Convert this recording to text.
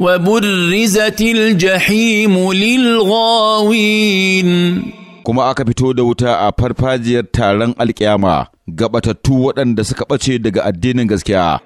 وبرزت الجحيم للغاوين kuma aka fito da wuta a farfajiyar taron alkiyama gabatattu waɗanda suka ɓace daga addinin gaskiya